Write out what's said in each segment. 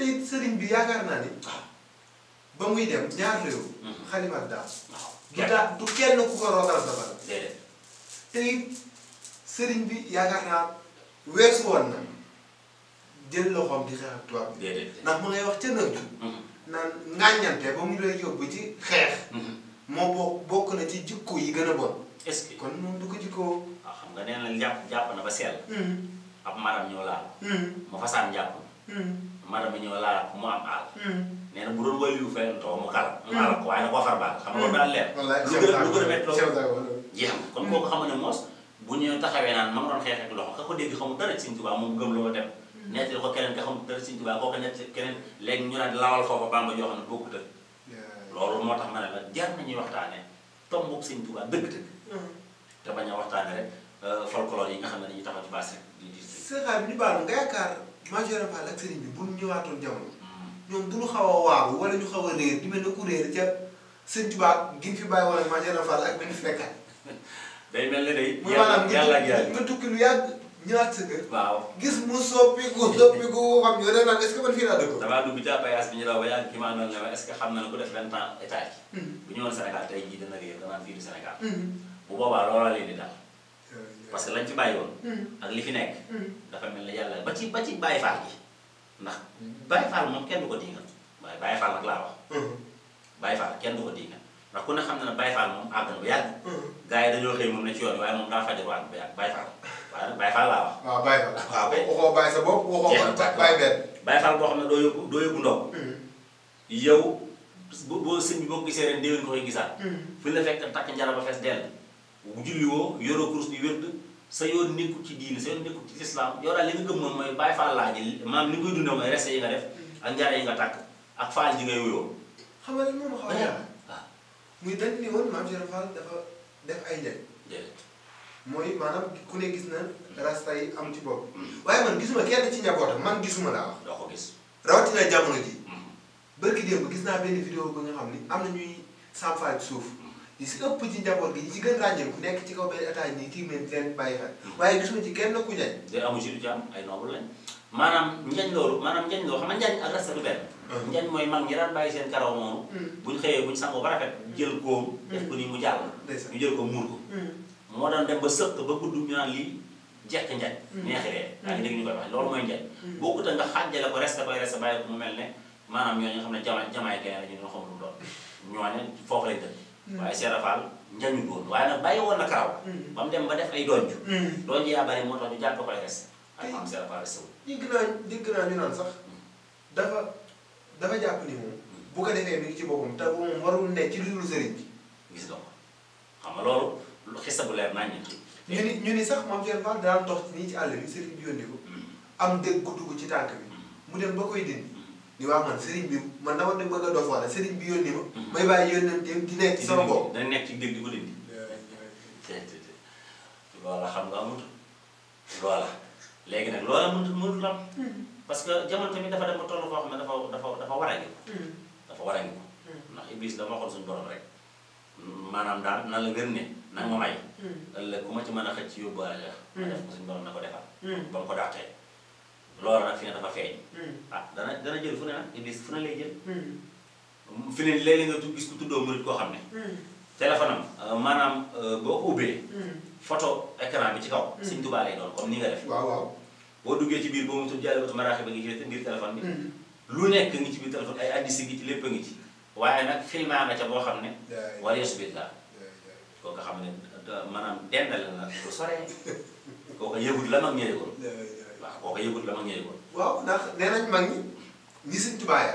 te it sëriñ bi yaakaar naa ni ba muy dem ñaar réew xalimaat daal du daal du kenn ku ko rogal sëriñ bi yaakaar naa woon na jël loxoom di xeex ak ndax mu ngay wax ca nëb naan ngàññante ba mu lay yóbbu ci xeex moo bokk bokk na ci jikko yi gën a bon est-ce que kon moom du ko jikkoo waaw xam nga nee na jàpp jàpp na ba sell ab maram ñoo laal ma fasaan jàpp mara bi ñëw laal mu am aal. nee na bu doon le yu fenn too mu kàll. mu kàll ko waaye na koo far baal xam nga loolu daal leer. wallaay lu gën a lu le a métti loolu. jeex na kon kooku xamu ne moos bu ñu taxawee naan ma nga doon le ak loxo ka ko dégg le dara ci Sëñ Tuubaa moom le loo dem. netti ko keneen ka xamul dara ci Sëñ Tuubaa le netti keneen léegi ñu naan lawal foofa Bàmba joo xam ne le ak. loolu moo tax ma le la jar nañuy waxtaanee tombuk le Tuubaa dëgg-dëgg. te bañ le waxtaanee rek folklore yi nga xam ne dañuy taxaw ci baas le di di sëxaar bi le nga yaakaar majoré Fall ak sëriñ bi bu ñu ñëwaatoon jamono ñoom bu ñu xaw a waaw wala ñu xaw a réer di mel ne ku réer ca sëñ Tuubaa gi fi bàyyi wala majoré Fall ak benn fekkaat. day mel ne day. yàlla ak yàlla nga tukki lu yàgg ñëwaat sa kër. waaw gis mu soppiku soppiku xam ñu ne naan est-ce que man fii laa dëkk. damaa dugg ca bayaas bi ñu daw ba yàgg ki maa doon ne ma est-ce que xam na ne ku def vingt ans état yi. Mm-hmm. bu ñëwoon Sénégal tey jii dana réer dana am fii du Sénégal. Mm-hmm. bu boobaa loolaa leen di daal parce que lañ fi bàyyi woon. Hmm. ak li fi nekk. Hmm. dafa mel ne yàlla ba ci ba ci Baye Fall gi ndax Baye Fall moom kenn du ko diingal waaye Baye Fall nag laa wax. Hmm. Baye Fall na ne Baye waaye moom daa laa wax. waaw Baye boo xam ne doo yóbbu doo yóbbu ndox. yow boo sëñ boo gisee ren déwén ko koy gisaat. fu ñu fekk takk njara ba fees dell. julliwoo yoroo kurus di wérd sa yoon nekku ci diini sa yoon nekku ci lislaam yow daal li nga gëm moom mooy bàyyi faa laaji maam li ngay dundee mooy reste yi nga def ak yi nga tàkk ak faal ji ngay wuyoo xam nga moom xaw waaw muy dañ ni woon maam Cheikh Fall dafa def ay njëg mooy maanaam ne gis na mm-hmm. rasta yi am ci bopp mm-hmm. waaye man gisuma kenn ci njabootam man gisuma laa wax doo ko rawatina jamono ji mm-hmm. bërki gis naa benn vidéo nga xam ni am na ñuy sàmfaat suuf li si ëpp ci njaboot gi ñi ci gën ràññeeku nekk ci kaw benn étage nii tiimee leen bàyyi xel hmm. waaye gisuma ci kenn ku ñañ day amu maanaam njañ loolu maanaam njañ loolu xam nga njañ hmm. mooy mag ñi daan a seen karaw moomu hmm. buñ xëyee buñ sangoo ba ko nii mu jàll ñu jël ko muur ba sëq ba gudd ñu naan lii jekk njañ neexiree daa koy wax a nga ko resta koy resta bàyyi mu mel ne maanaam ñooñu nga xam ne jama jamaay gay a ñu doon xam lu doon ñooñu foofu lañ dëkk Mm. waaye Serap Fall njañu doon waaye nag bàyyi woon na karaw. Mm. ba mu dem ba def ay donju. Mm. donju yaa bari moo tax ñu jàpp ko ay res. ak am Serap Fall sew. dégg ñu naan sax dafa dafa jàpp ni moom bu ko defee mi ci boppam te moom warul ne ci lu dul sëriñ bi. gis nga ko xam nga loolu lu xisa bu leer naa ñu ci. ñu ni ñu ni sax moom Serap Fall daan ci àll bi ko. am dégg ku dugg ci tànk bi. mu dem ba koy dindi. di wax man sëriñ bi man na dem bëgg a dof wala sëriñ bi yónni ma. may bàyyi yónnanteem di nekk ci sama bopp. dina nekk ci dëgg di ko dindi. loola xam nga amut loola léegi nag loola mënut mënut am. Mm-hmm. parce que jamono tamit dafa dem ba tollu foo xam ne dafa dafa dafa war a ngi ko. Mm-hmm. dafa war a ngi ko. Mm-hmm. ndax Iblis dama xool suñu borom rek maanaam daal na la gën ne na nga ma may. ëllëg ma ci mën a xëcc yóbbuwaale la. ma def ko suñu borom na ko defal. ba mu ko dàqee. loolu nag fi ne dafa feeñ. Hmm. ah dana dana jël fu ne nag iblis fu ne lay jël. Hmm. Hmm, fi ne léeg-léeg tuddoo murit koo xam ne. téléphone am euh, maanaam euh, boo ko ubbee. photo écran bi ci kaw. Sëñ Tuubaa lay doon comme ni nga def. waaw waaw boo duggee ci biir boo mu tudd jaay ba maraax téléphone bi. lu nekk ngi ci biir téléphone ay addis ngi ci lépp a ngi ci. waaye nag filmaa nga ca boo xam ne. wala yasubil laa. kooku xam ne maanaam dendale la bu soree. kooku yëgut la mag ñëwee ko. koo ko yëgut la mag ñee yëgoon waaw ndax nee mag ñi ñi sëñ Tuubaa ya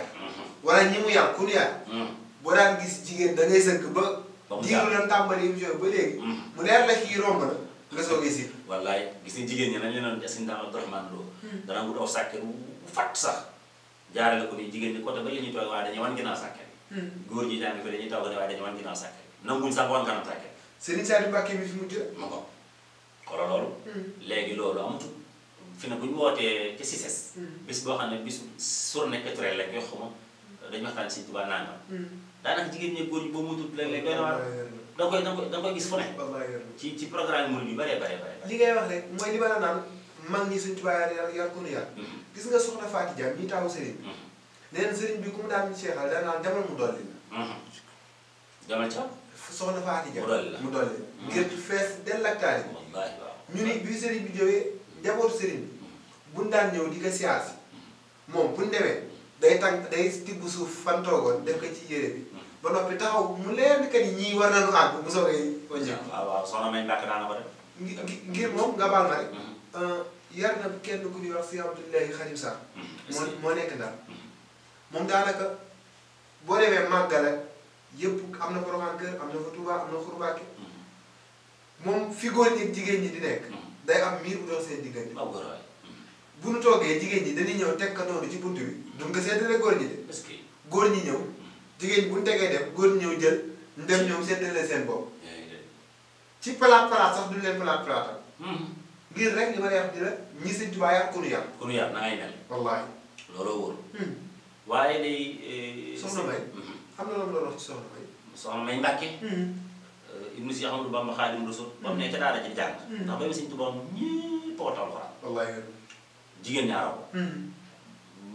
wala ñi mu yàgg ku nu yàgg hmm. boo daan gis jigéen da ngay sëgg ba diiru lan tàmbali émission ba léegi mu leer la kii romb na nga soo gis yi wallaay gis ni jigéen ñi nañ leen doon sëñ Daam Abdourahmane Lo dana wut aw sàkket bu hmm. uh, fat sax jaare la ko ni jigéen ñi côté ba la ñuy toog waaye dañuy wan ginnaaw sàkket góor ñi jàng ko dañuy toog ne waaye dañuy wan ginnaaw sàkket nanguñ sax wan kanam sàkket Serigne Saliou Mbacké mi fi mujj ma ko xoolal loolu léegi loolu amatul fi na bu ñu wootee ca bis mm. boo xam ne bisu journée culturelle lañ koy xuma dañu waxtaan si tubaab nangam. Mm. daanaka jigéen ñi góor ñi boo mu tudd léeg-léeg doy na waar. da koy da koy da koy gis fu ne. ci ci programme murid yu bëree bëri li ngay wax rek mooy li ma la naan mag ñi suñ tubaab yar yar ku mm-hmm. gis nga soxna Fatou Diagne ñi taawu sëriñ. nee na sëriñ bi ku mu daan seexal da naan jamal mu dolli la. jamal mm-hmm. ca. soxna Fatou Diagne mu dolli mu dolli. Mm-hmm. ngir fees dell ak taal ni bi sëriñ bi jabootu sëriñ buñ daan ñëw di ko moom buñ demee day tànk day tibb suuf fan toogoon def ko ci yére bi ba noppi taxaw mu leer ni que ni ñii war nañu àgg bu soobee wàññeeku. waaw waaw soxna May Ndaka daan moom nga baal na rek. Mm-hmm. Euh, yar na kenn ku ñuy wax si Abdoulaye Xadim Sarr. Mm-hmm. moo moo nekk daal. Mm-hmm. moom daanaka boo demee màggale yëpp am na Proxaan Kër am na fa Touba am na Xurbaake moom fi góor ñi jigéen ñi di nekk. day am mi bu do sen diggante. ma góor waay. bu nu toogee jigéen ñi dañuy ñëw tek ko noonu ci buntu bi. du nga seetale góor ñi de. góor ñi ñëw. jigéen bu ñu tegee dem góor ñi ñëw jël ndem ñom ñoom seetale seen bopp. ci palaat palaat sax duñ leen palaat hmm ngir rek li ma lay wax di la ñi sëñ tuba ya ko nu ya ko nu ya na ngay dal wallahi wallaahi. looloo hmm waye day. soxna bay xam na lo lo wax ci soxna bay soxna May Mbàkke. ibnu si Ahmadu ba mu ne ca daara ji jàng mm-hmm. ba mu sëñ Tuubaa a taw alxuraan jigéen ñaara ko mm-hmm.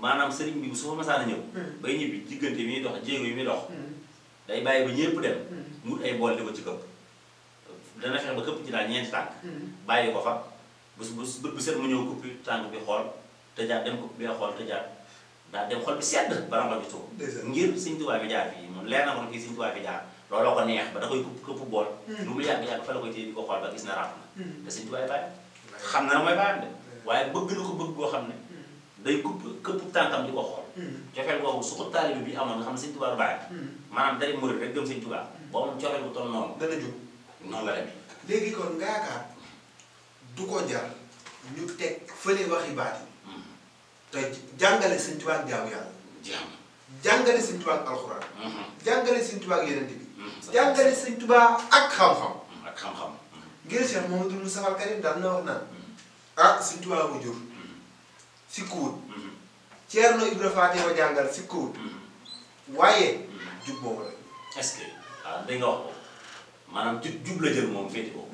maanaam sëriñ bi su fa masaana ñëw mm-hmm. bay dox jéego yi muy dox day bàyyi ba ñëpp dem mu ay bool di ko ci këpp dana fexe ba këpp ci daal ñeenti tànk bàyyi ko fa bu bu bu set mu ñëw kuppi tànk bi xool tëjaat dem kuppi bee xool tëjaat daal dem xool bi sedd bala xol bi tuub ngir sëñ Tuubaa bi jaar fii moom leer na ko kii sëñ Tuubaa bi jaar looloo ko neex ba da koy këpp bool. Hmm. lu mu yàgg yàgg fa la koy téye di ko xool ba gis na ràpp na. Hmm. Hmm. xam na ne mooy waaye bëgg na ko bëgg boo xam ne. day ko xool. cofeel boobu su ko taalibe bi amoon nga xam ne maanaam dari murid rek gëm sëñ Tuubaa. boo am cofeel bu toll noonu. dana jóg noonu la demee. léegi kon nga yaakaar du ko jar ñu te jàngale sëñ Tuubaa ak jaamu yàlla. jàngale sëñ Tuubaa alxuraan. jàngale sëñ Tuubaa ak yeneen bi jàngale seigne touba ak xam-xam. Mm, ak xam-xam. Mm. ngir Cheikh Mamadou Moussa Al Karim dal na wax naan. Mm. ah sëñ touba mu jur. sikkuwut. Ceerno Ibra Faati ma jàngal sikkuwut. waaye jub boobu la. est-ce que ah dégg nga wax manam maanaam djubla jub mom fete moom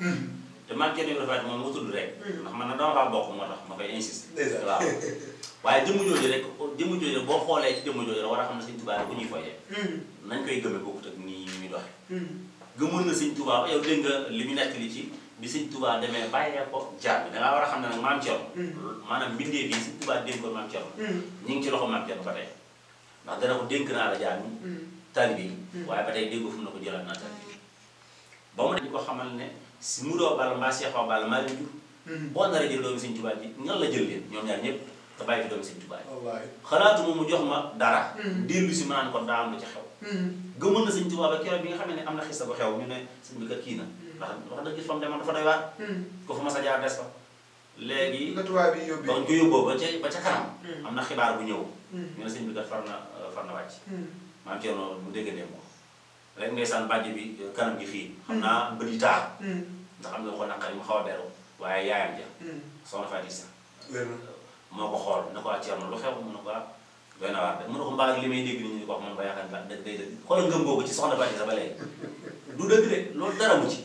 te man kenn Ibra Faty moom moo tudd rek. Hmm. ndax man nag dama faa bokk moo tax ma koy insiste. waaw waaye jëmm jooju rek jëmm jooju boo xoolee ci jëmm jooju rek war a xam ne Sëñ Tuubaa ku ñuy foyee. Hmm. nañ koy gëmee bokkut ak nii muy doxee. Hmm. na Sëñ Tuubaa yow dégg li ñu nekk li ci bi Sëñ Tuubaa demee bàyyee ko jaar bi da ngaa war a xam ne nag maam Cerno. maanaam mbindee bii Sëñ Tuubaa dénkoon maam Cerno. ñu ngi ci loxo maam Cerno ba tey ndax dana ko dénk naa la jaar bi. tali bi waaye ba tey dégg fu mu ne ko jëlaat naa tali bi ba mu dañ ko xamal ne si Mourou Awa Balla mbaa Cheikh Awa Balla maa leen hmm. a jël doomi Sëñ Tuubaa ji nan la jël leen ñoom ñaar ñëpp te bàyyi fi doomi Sëñ Tuubaa ji. xalaatu moom mu jox ma dara. Hmm. dellu si ma naan kon am lu ci xew. Hmm. gëmoon na Sëñ Tuubaa bi nga xam ne am na xis xew ñu ne sëñ bi kat kii na. ndax wax fa mu demoon dafa doy waar. ko a jaar léegi nga tubaab yi yóbbee ba nga yóbboo ba ca kanam. am na xibaar bu ñëw. ñu ne sëñ bi kat far na far na wàcc. maam Thierno bu dégg ne ko rek ndeysaan bàjj bi kanam gi xii mm. xam naa bëri taax mm. ndax am na xool naqari mu xaw a beru waaye yaayam ja mm. soxna Fatou Issa moo ko xool na ko ak Thierno lu xew mu ne ko ah doy ko mbaa li may dégg ni ñu ko wax man ko yaakaar ni baax dëgg day dëgg xoolal ngëm googu ci soxna Fatou Issa ba du dëgg de loolu dara mu ci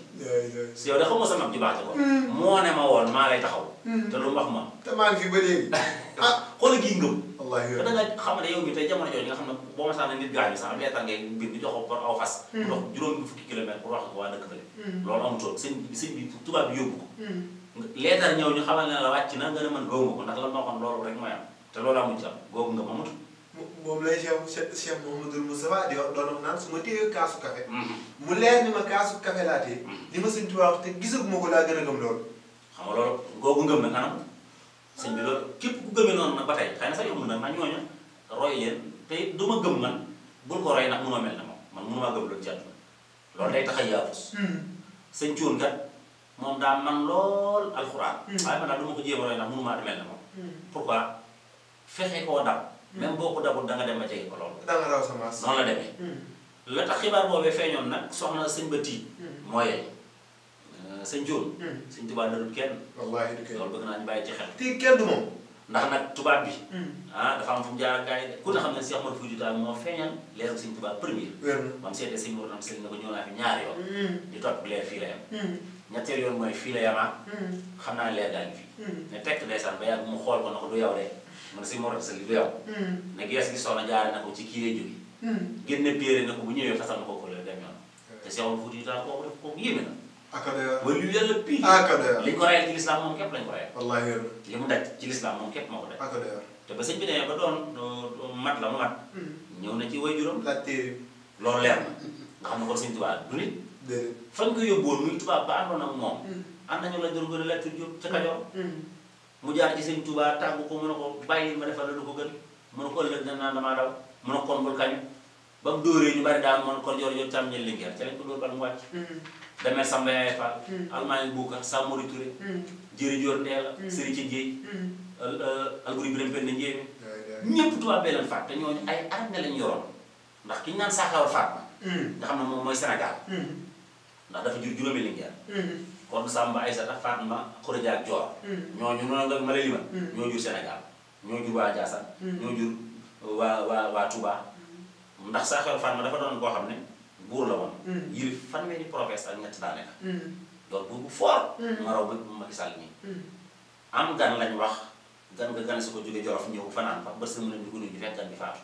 si yow da xamoo sa mag ji baax ci ko moo ne ma woon maa lay taxaw te lu mu wax ma te maa ngi fi ba léegi ah xoolal kii ngëm wallaahi da nga yow bi tey jamono jooju nga xam ne boo ma saana nit gaañu sax ab leetar ngay bind ko pour aw fas hmm. dox juróom fukki kilomètre pour wax hmm. hmm. ne la na nga ne man gawuma ko ndax lan moo xam loolu rek mooy am te loolu amuñ ci am googu nga mamut moom lay di ma téye kaasu café mu leer ni ma kaasu café laa téye li ma sëñ tubaab te gisaguma ko laa gën a gëm loolu xam nga loolu googu ngëm na kanam sëñ bi loolu képp ku gëmee noonu na ba tey xëy na sax yomb na man ñooñu roy leen te du ma gëm roy nag munoo mel gëm a hmm. man lool alxuraan. Hmm. ko a roy nag munumaa mel ne moom. Hmm. pourquoi fexe koo dab. même boo ko dabul da nga dem ba jege ko loolu. da nga raw noonu la demee. la tax xibaar boobee feeñoon nag soxna sëñ ba tiit. moo yee. sa njóol. suñ tubaab narul kenn. wallaahi du kenn loolu bëgg naa ñu kenn du ndax nag tubaab bi. Hmm. ah dafa am fu mu jaar ak gars yi ku ne xam ne Cheikh Ahmadou Foutiyou Tall moo feeñal leeru suñ tubaab premier. wér na ba mu seetee sëñ Mor Lam Sëriñ na ko ñëw naa fi yoon. Hmm. di topp leer fii la yem. Hmm. ñetteel yoon mooy fii la yemaat. Ah. naa leer daa ngi fi. ne tekk ndeysaan ba yàgg mu xool ko na ko du yow de man sëñ Mor Lam Sëriñ du yow. ne gi soxna jaare na ko ci kii lay jógee. génne biire na ko bu ñëwee fasal akada wala yu yàlla pii li ñu ko rayal ci lislaam moom képp lañ ko rayal wallaahi wér li mu daj ci moom képp moo ko daj akada te ba sëñ bi demee ba doon mat la mu mat hmm. ñëw na ci way juróom la leer na nga xam ne kon sëñ tubaab du nit fañ ko yóbbuwoon muy tubaab ba àndoon ak moom am hmm. nañu la doon gën a lekk jóg ca Kajoor hmm. mu jaar ci sëñ tubaab tàggu ko mu ne ko bàyyi ma defal la lu ko gën mu ne ko ëllëg na naan damaa daw mu ne kon bul kañu ba mu dóoree ñu bari daal ko dóor dame samba hmm. hmm. hmm. euh, yaay fall almaañ buuka samori ture jëri jor ndeela sëri ci jéey alburi biram benn njéeme ñëpp ñepp bee leen faat te ñoo ay arab ne lañ yoroon ndax ki ñaan sa saaxawar faat ma nga xam ne moom sénégal ndax dafa jur juróomi lingeer kon samba ay sa tax faat ma xurëja ak joor ñooñu noonu nga ma la limal ñoo jur sénégal ñoo jur wa jaasan ñoo jur wa wa wa touba ndax sa saaxawar faat ma dafa don ko xam buur la woon. yële fanweeri province ak ñett daanaka. loolu buur bu fort. ma raw ba Macky Sall nii. am gan lañ wax gan nga gan su ko jógee Jolof ñëw fanaan fa ba sëñ bi dugg nañu fekk gan bi faatu.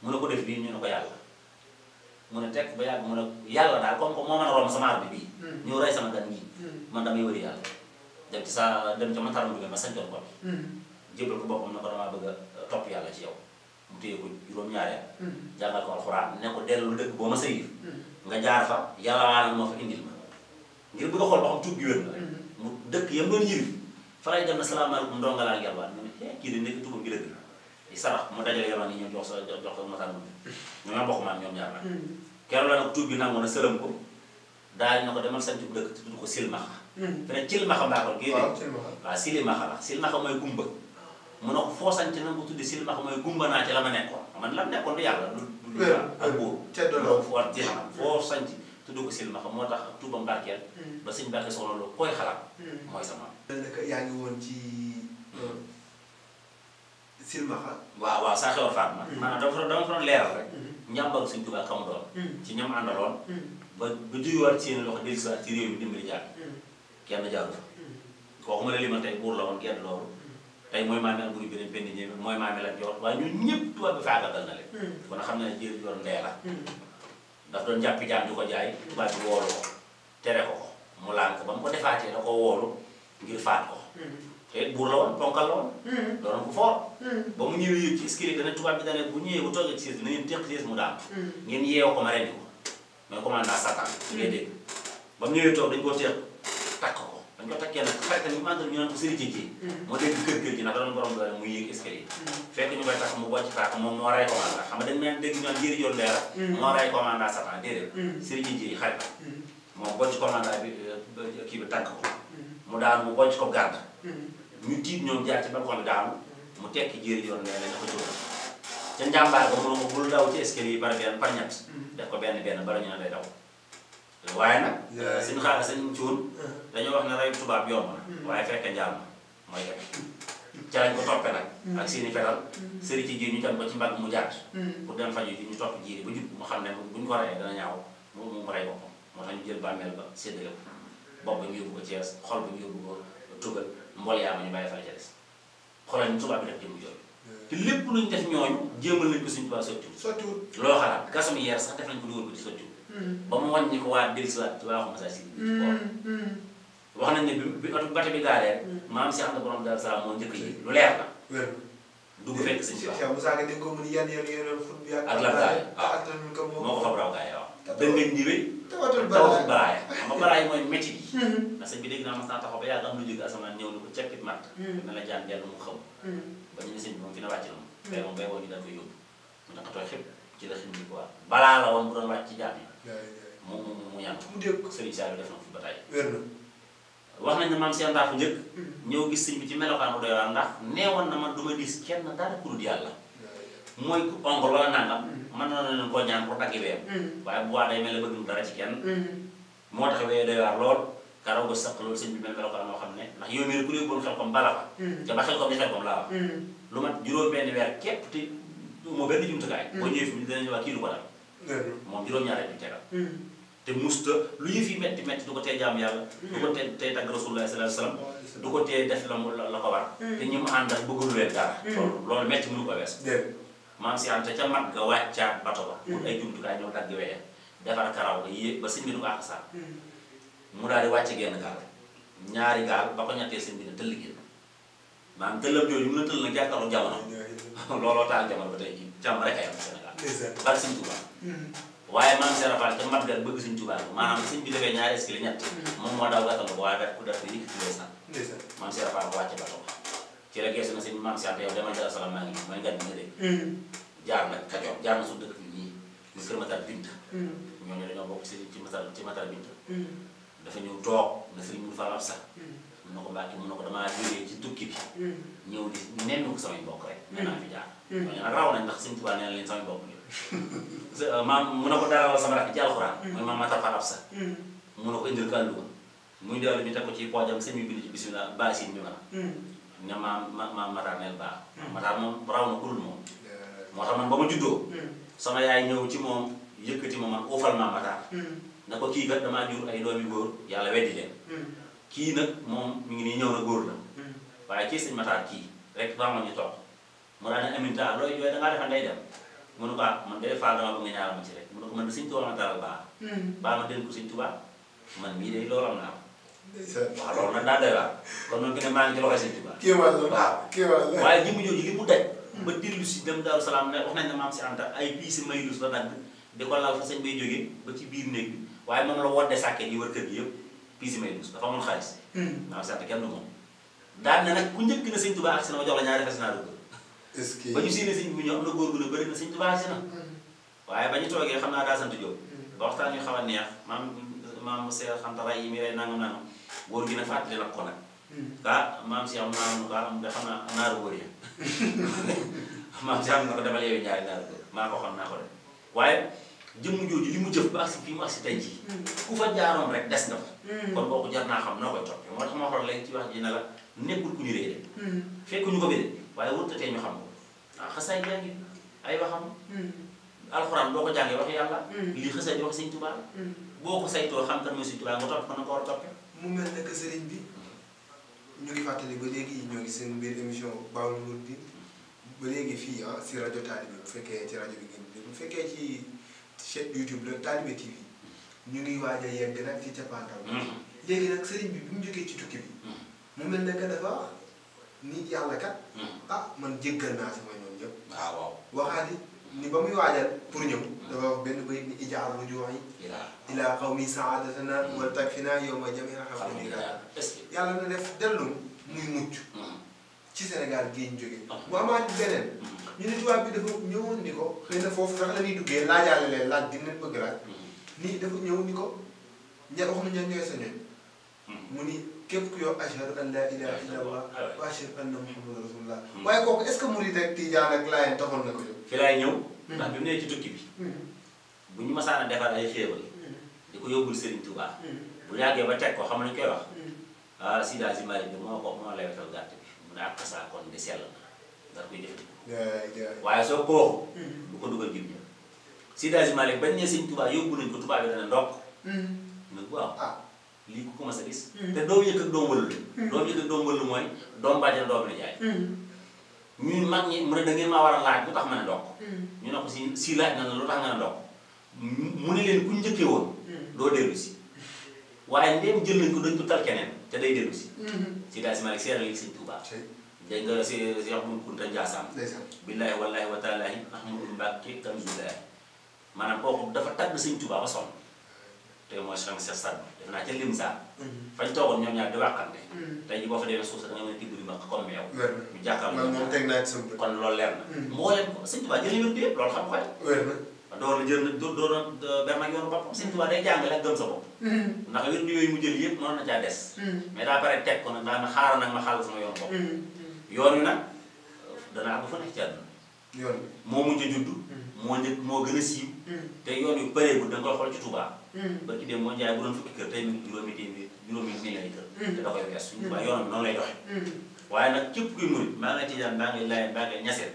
mu ne ko def bii ñu ne ko yàlla. mu ne teg ba yàgg mu ne yàlla daal comme que moo mën a sama arme bii. ñëw rey sama gan gii. Hmm. man damay wëri yàlla. dem ci sa dem ca Matar Ndourbi ma sañcoon ko. jébal ko boppam hmm. ne ko damaa bëgg a eh, topp ci yow mu téye ko juróom-ñaareel jàngal ko alxuraan ne ko dellu dëkk boo ma sa yif nga jaar fa yàlla waane ma fa indil ma ngir bëgg a xool ba xam tuub gi wér na mu dëkk yam doon yërif fa lay dem na salaamaaleykum ndonga laa yàlla mu ne eh kii de nekk tuubam gi dëgg di sarax mu dajale yàlla ni ñoom jox sa jox ko mataan mu ñoom ñoo bokk maam ñoom ñaar la keroog la nag tuub gi nangu na sëlam ko daal na demal sant bu dëkk tudd ko silmaxa fene cilmaxa mbaakol kii waaw silmaxa la silmaxa mooy gumba mu ne ko foosante na ko tudde silmax mooy gumba naa ci la ma nekkoon xam nga lan nekkoon du yàlla du du ak góor loolu foo moo tax tuuba mbarkeel ba sëñ loolu yaa ngi woon ci euh, silmaxa waaw waaw saa xew faat kooku ma la limal buur la woon kenn loolu tey mooy maamel buri beneen benn ñebe mooy maamel ak joor waaye ñun ñëpp tubaab bi faagagal na leen. Hmm. kon xam na ne jël joor ndee la. Hmm. daf doon jàpp jaam di ko jaay. tubaab bi woolu ko tere ko ko mu lànk ba mu ko defaatee da koo woolu ngir faat ko. Hmm. te buur la woon ponkal la woon. doon ko foor. ba mu ñëwee yëg ci escalier dana tubaab bi dana bu ñëwee bu toogee ci siis bi na ngeen teq siis mu daal. ngeen yeewoo ko ma rendi ko mooy commandant Satan. ngay dégg ba mu ñëwee toog dañ ko takkee nag xaritam yi mu àndal ñu naan ko sëriñ ji mm-hmm. moo dégg kër kër ji nag doon borom doole muy yéeg escalier mm-hmm. fekk ñu koy takk mu bocc paaka moom moo ray commandant xam nga dañ meen dégg ñu naan jëri mm-hmm. moo ray commandant satan déedéet sëriñ ji euh, mu daanu mu bocc ko garde ñu tiit ñoom jaar ci balcon bi daanu mu tekki jëri yoon leera dafa jóg ca njàmbaar ba mu romb bul daw ci escalier yi bari benn par def ko benn benn bala ñu ne daw waaye nag suñu xaar suñu cuun dañoo wax ne rey tubaab yomb na hmm. waaye fekk njaal ma mooy def ca lañ ko toppe nag hmm. ak seeni feral hmm. sëri ci jiir ñu dem ba ci mbagg mu ji ñu topp jiir ba jub mu xam ne buñ ko reyee dana ñaaw mu mu rey boppam moo tax ñu jël bàmmeel ba séddale ko bopp ba ñu yóbbu ko Cees xol ba ñu yóbbu ko tugal mbool yaa ma ñu bàyyi fa ca des xoolal ñu tubaab bi def jëmu jooju te lépp luñ def ñooñu jéemal nañ ko suñu tubaab sottiwul sottiwul loo xalaat gasum yeer sax def nañ ko dugal ko ci sottiwul Hmm. ba mu wàññi ko waa dil si waat ci waaxu masa si ci hmm, koor hmm. wax nañ ne bi bi oto bata bi gaaree maam si am borom daal salaam moo njëkk yi lu leer la dugg fekk sëñ si waaw Moussa nga dégg ko mu ni yan yan yan fut bi ak ak lam gaay ak lam ko moo moo ko fab raw gaay waaw ni nga ñëwee tawatul baraay baraay xam nga baraay mooy métti bi parce que bi dégg naa mas naa taxaw ba yàgg am lu jóge asamaan ñëw ni ko cekkit matt na la jaan dellu mu xaw ba ñu ne sëñ bi moom fi na wàcc moom bay moom bay woo ñu daal koy yóbbu mu naka tooy xëpp ci la xim bi quoi balaa la woon bu doon wàcc ci jaan moom moom moom mu yàgg mu dégg sëriñ Saliou def na fi bataay wér na wax nañ ne maam seen ndax njëkk hmm. ñëw gis sëñ bi ci melokaan bu doy waar ndax neewoon na man du ma dis kenn dara ku dul yàlla ya, ya. mooy ku ongle wala nangam hmm. mën na leen koo ñaan pour dagg weer hmm. waaye bu waa day mel ne bëggul dara ci kenn moo tax wee doy waar lool karaw ga sëq loolu sëñ bi mel melokaan moo xam ne ndax yow mii ku ne boon xel comme bala fa te ba xel comme di xel comme laa wax lu mat juróom benn weer képp te moo benn jumtukaay boo ñëwee fi mu dinañu wax kii lu ko dal Mmh. moom juróom-ñaari bi tegal mmh. te musta lu ñu fi metti metti du ko tee jaam yàlla mmh. du ko tee tee tagg rasulullah sallallahu alayhi wa sallam du la la ko war te ñu mu ànd ak bëggalu leen dara loolu metti mënu ko wees maam si ànd ca mag ga wàccaat bato ba pour ay jumtukaay ñoo dagg weye defar karaw ga yéeg ba sëñ bi du ko àq sax mu daal di wàcce genn gaal ñaari gaal ba ko ñettee sëñ bi tëll génn man tëllam jooju mu la na nag jamono looloo taal jamono ba tey jii jam rek ay am Sénégal bari sëñ Tuubaa waaye man sera fal te mat ga bëgg sëñ Tuubaa maanaam sëñ bi defee ñaari eskile ñett moom moo daw gàttal ko waaye daf ko def ko yëkkati lay sant man sera fal ko wàcce ba toog ci la geesu na sëñ maam Seera yow demal jara Salaam maa ngi mooy gan bi nga dégg jaar nag Kajoor jaar na su dëkk bi ñii ñu kër Matar Bint ñoo ñu dañoo bokk ci ci Matar ci Matar Bint dafa ñëw toog na sëriñ mu faal ab sax mun na ko bàkki mun ci tukki bi. ñëw di nenn ko samay mbokk rek. nee naa fi jaar. waaye nag raw nañ ndax Sëñ Tuubaa nee leen samay mbokk ñëw. sama rakk ci alxuraan. mooy maam Matar Fatab sa. mun na ko indil kàllu muy dellu ñu teg ci poojam sëñ bi ci bisimilah baasin bi maanaam. ne maam maam raw na tax man ba ma sama yaay ñëw ci moom yëkkati ma man uufal maam Matar. na ko kii kat damaa jur ay doomi góor yàlla ya weddi leen. Hmm ki nak mom mi ngi nii ñëw na goor la waye hmm. ci seigne Matar ki rek ba ñu toog mu dana ne aminta loy joy da nga defal day dem mu nu ko man day faal nga bëgg nga ñaanal ma ci rek mu nu ko man seigne touba Tuubaa ma taal baax baa ma den ko seigne touba man mi day loolu na wa waaw na nag daa doy kon noonu gëna ma ngi ci seigne touba ki wa la ki wa la waye waaye mu jooju li mu tej ba dilu ci dem daru salam ne wax nañ na maam ci Anta ay bi ci maylus la dagg di ko laal fa seigne bay joge ba ci biir neeg waye waaye la wodé sàkke di wër kër gi yëpp piisi may dus dafa amoon xaalis. maam hmm. sant kenn moom. daan na nag ku njëkk na sëñ Tuubaa ak si na ma jox la ñaari fas naa dugg. est-ce que ba ñu séenee sëñ bi na góor gu ne bëri na sëñ na. Hmm. waaye ba ñu toogee xam naa daa sant Diop. Hmm. ba waxtaan a neex maam maam Seydou xam dara yi mi rey la ko maa ko xam naa ko de waaye jëmm jooju li mu jëf ba agsi fii mu agsi tey jii hmm. ku fa jaaroon rek des na fa hmm. kon boo ko jar naa xam noo koy toppee moo tax ma waxoon léegi ci wax ne hmm. ko bi de waaye wërtatee ko waaw xasaay jàngi ay waxam boo ko jàngee wax yàlla lii xasaay di wax sëñ Tuubaa boo ko saytoo xam kan mooy sëñ Tuubaa topp ko na ko war a toppee mu mel ne que bi ñu ngi fàttali ba léegi ñoo ngi seen biir émission Baol Mouride bi ba léegi fii ah si rajo taalibe bi bu fekkee ci rajo bi ngeen fekkee ci chaîne YouTube la Talibé TV ñu ngi waaj a yegg nag ci cappaandaw mm-hmm. léegi nag sëriñ bi bi mu jógee ci tukki bi mm-hmm. mu mel ne que dafa wax ni yàlla kat mm-hmm. ah man jéggal naa sama ñoom ñëpp ah, waaw waxaat ni ba muy waajal pour ñëw dafa wax benn bayit ni ijaal rujuwaay ilaa qawmi saadatana wa takfina yowma jami raxamni yàlla na def dellum muy mucc ci Sénégal géej jóge bu amaat beneen ñu ne tubaab bi dafa ñëwoon ni ko xëy na foofu sax la duggee laajaale leen laaj di bëgg laaj. nii dafa ñëw ni ko ña wax na ña ñooy sa ñoñ. mu ni képp ku yow ashhadu an laa ilaaha illallaah wa ashhadu anna muhammadan rasulullah. Hmm. na ko yow. fi laay ñëw. Hmm. ndax bi ci tukki bi. Hmm. bu ñu masaan defar ay xéewal. di ko yóbbul Serigne Touba. bu yàggee ba teg ko xam nañ koy wax. ah Sida Zimari bi moo ko moo lay wetal gàtt bi mu ne ak kasaa kon di sell na ndax kuy jëfandikoo. Ya, ya. waaye soo koo hmm. bu ko dugal jib ña sidage Malick bañ ne sëñ tubaab yóbbu nañ ko tubaab yi dana ndokk nga waaw lii ku commencé hmm. gis ah. hmm. te doom yëkk ya ak doom wëllu doom yëkk ak doom wëllu mooy doom bàjjan doom la jaay ñuy mag ñi mu ne da ngeen maa war a laaj lu tax ma ne ndokk ñu ne ko si si laaj na la lu tax nga ne ndokk mu ne leen ku njëkkee woon doo dellu si waaye ndéem jël nañ ko dañ ko tal keneen te day dellu si yi sëñ dégg nga si Cheikh Mour Kunta Ndiassane. billaahi wallaahi wa taalaahi Ahmadou Mbacke Kanzulilaahi maanaam kooku dafa tàgg sëñ Tuubaa ba sonn te mooy mhm. mhm. nga mën a tibb bi mbaq comme meew. bu jàkkaarloo moom teg naa ci sama bët kon na. Mhm. ko sëñ Tuubaa jëlee wér yëpp loolu xam nga door la jël na door door na euh, benn ak yoonu boppam sëñ Tuubaa day jàngale ko yoon wi nag dana àgg fa nekk ci àdduna. moo mu a judd. Mm. moo njëkk moo gën a siiw. Mm. te yoon yu bëree bu da nga xool ci Touba. Mm. ba ki dem moo jaay bu doon fukki kër tey juróomi téeméer juróomi te da wees suñu Touba yoonam noonu lay doxee. waaye nag képp kuy murit maa ngi Tijaan maa ngi Laayeen maa ngi Ñaseen.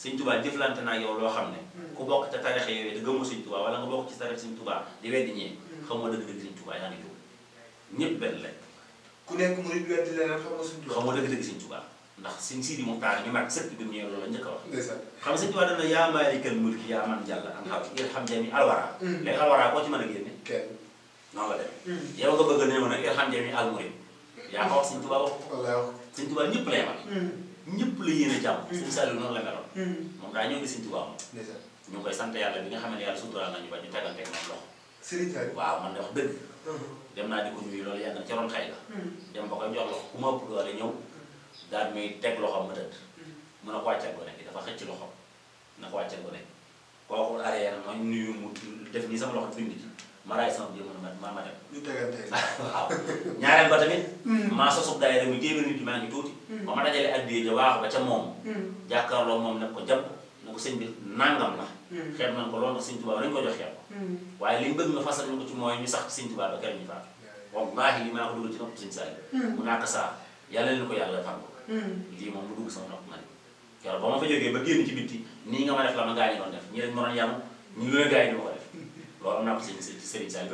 Sëñ Touba jëflante naa yow loo xam ne. ku bokk te tarixe yooyu te gëmmu Sëñ Touba wala nga bokk ci tarixe Sëñ Touba di weddi ñee xamoo dëgg-dëgg Sëñ Touba ku nekk murit weddi leneen xamoo ndax sëñ Sidi Muxtaar mi mag sëkk bi mu yor loolu njëkk a wax xam nga sëñ Tuubaa dana yaa maalikal mulki yaa man jàll am xam il xam jami alwara léegi mm. alwara koo ci mën a génne noonu la dem mm. yow nga bëgg a néew nag il jami almurid yaa ko wax sëñ Tuubaa wax sëñ Tuubaa ñëpp la yemal mm. ñëpp la yéene jàmm sëñ Saliou noonu la meloon moom daa ñëw di sëñ Tuubaa moom ñu ngi koy sant yàlla bi nga xam ne yàlla suturaal nañu ba ñu tegal teg moom loxo waaw man de wax dëgg mm-hmm. dem naa di ko ñuy loolu na ca roon daal may teg loxoom ma tëdd mu na ko wàccal gone gi dafa xëcc na ko wàccal gone gi kooku arrière ma nuyu mu def nii sama loxo findi ma mm-hmm. maa sosub daay rek mu jéem nit maa ngi tuuti. Mm-hmm. ba ma dajale ak biir ja waaxu ba ca moom. Mm-hmm. jàkkaarloo moom ne ko jàpp ne ko sëñ bi nangam la. a nañ ko lool nga sëñ tubaab dañ ko jox xeeb ko. waaye li mu bëgg nga fasal ñu ko ci mooy ñu sax ci sëñ tubaab saa. yàlla leen ko yàlla tànku. Hmm. lii moom mu dugg sama nopp man yàlla ba ma fa jógee ba génn ci bitti nii nga ma def la ma gaa ñi doon def ñi lañ ma doon yàmm ñu lu ne gaa yi ñu ma ko def loolu am sëñ sëriñ Sall bi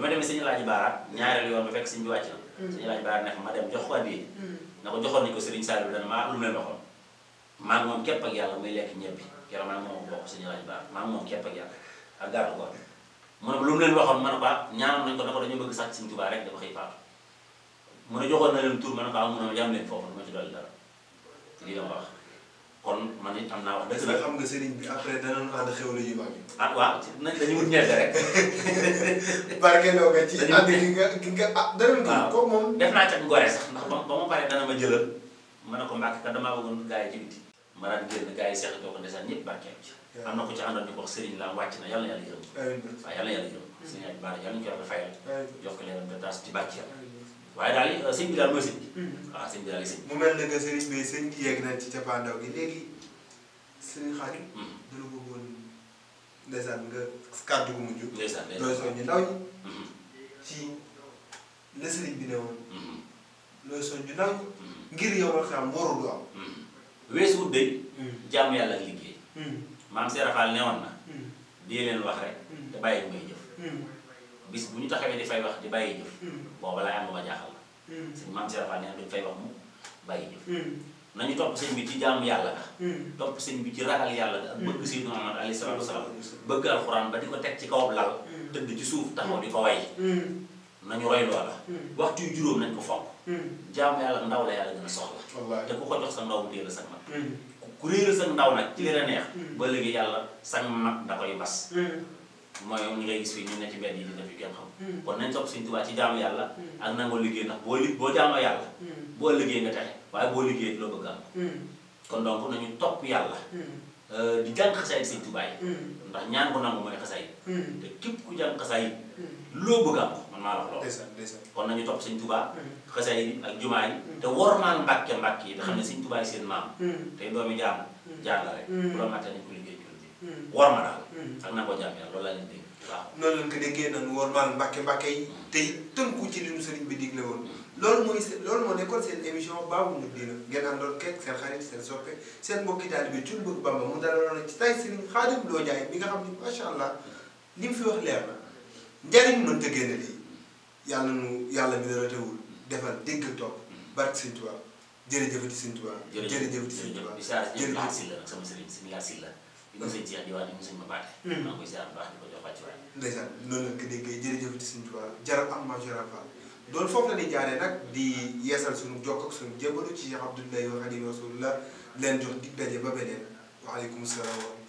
yoon ba fekk sëñ bi wàcc na hmm. sëñ Alaaji ne ma dem jox ko addiye hmm. na ko joxoon nañ ko sëriñ Sall bi dana maa lu mu leen waxoon maa ngi moom képp ak yàlla muy lekk ñebbi yàlla maa ngi moom bokk sëñ Alaaji Baara maa ngi moom képp ak yàlla ak gàddu ko mu ne lu mu leen waxoon ma ne ko ah, ñaanoon nañ ko na ko dañu bëgg baa rek dafa mun a joxoon na leen tur man kaa ah mun a yam leen foofu ma ci dolli dara lii na ma wax kon man it am naa wax dëgg la xam nga sëriñ bi après danañ ànd xewlu yu mag yi. ah waaw nañ dañu wut ñebe rek. barkeeloo nga ci ànd gi nga a nga ah danañ. waaw ko moom def naa ca Ngore sax ndax ba ba ma pare dana ma ne ko mbàkk kat damaa bëggoon gaa yi ci biti. ma daan génn gaa yi seex doo ko desaan ñëpp am na ko ci àndoon di ko wax sëriñ la wàcc na yàlla yàlla yërëm. waaw yàlla yàlla yërëm. ñu koy waaye daal euh, sëñ bi daal mooy sëñ bi. Hmm. waaw sëñ bi na ci cappaandaw gi léegi sëriñ Xaadim. Hmm. dina ko woon ndeysaan nga kàddu gu mujj. ndeysaan ndeysaan soo ñu ndaw hmm. ci la sëriñ bi ne woon. looy soo ñu ndaw ñi. ngir yow la xam waru du am. weesuwut day. jàmm yàlla ak liggéey. maam Serap Fall newoon na. di leen wax rek. te bis buñu taxawé di fay wax di bàyyi jëf boba lay am lu ma jaaxal sëñ mam sirafal nee du fay wax mu bàyyi jëf nañu top sëñ bi ci jaamu yalla top sëñ bi ci ragal yàlla ga ak bëgg Seydina Muhammad alayhi salaatu wasalaam bëgg alquran ba diko ko ci kawb lal tëdd ci suuf taxaw di way nañu roy la waxtu yu juróom nañ ko fonk jaamu yalla ndaw la yalla gën soxla te ku ko jox sa ndaw bu téel sa mag ku réeral sa ndaw nak ci leena neex ba legi yalla sa mag da koy bas mooy ñu ngay gis fii ñu ne ci mbedd yi di def yu xam. Hmm. kon nañ topp suñu Tuubaa ci jaamu yàlla. Hmm. ak nangoo liggéey ndax boo li boo jaamoo yàlla. Hmm. boo liggéey nga texe waaye boo liggéey loo bëgg am. kon donc nañu topp yàlla. Euh, di jàng xasaay suñu Tuubaa ndax ñaan ko nangu mooy xasaay. te képp ku jàng xasaay loo bëgg am man maa la wax loolu. kon nañu topp suñu Tuubaa. xasaay ak jumaa yi. te wormaan mbàkke mbàkke yi te xam ne suñu Tuubaa yi seen maam. tey doomi jaam jaar la rek. ku la matte ni ku liggéey Hmm. worma daal. Hmm. ak naa ko jaam yàlla loolu laa leen dégg waaw. noonu lañ ko déggee naan wormaal mbàkke mbàkke yi hmm. tey tënku ci li mu sëriñ bi digle woon. loolu mooy seen loolu moo nekkoon seen émission baabu mu diina ngeen àndoon keek seen xarit seen soppe seen mbokki taalibe ci bëgg Bamba mu dalaloon ci tay Sëriñ Xaadim Lo Njaay bi nga xam ni macha allah li mu fi wax leer na njariñ mën tëggee na lii yàlla nu yàlla mi dara teewul defal dégg topp barke Sëriñ Tuubaa jërëjëfati Sëriñ Tuubaa jërëjëfati Sëriñ Tuubaa jërëjëf di ko sëñ Cheikh Diwane mu sëñ ma baate. Hmm. maa ngi koy ziar bu baax di ko jox wàccuwaay. ndeysaan noonu la ko déggee jërëjëf ci sëñ Tuubaa jaral am majoral Fall doon foofu la di jaaree nag di yeesal suñu jokk ak suñu jébalu ci Cheikh Abdoulaye wa Xaadimu Rasuul la leen jox dig daje ba beneen waaleykum salaam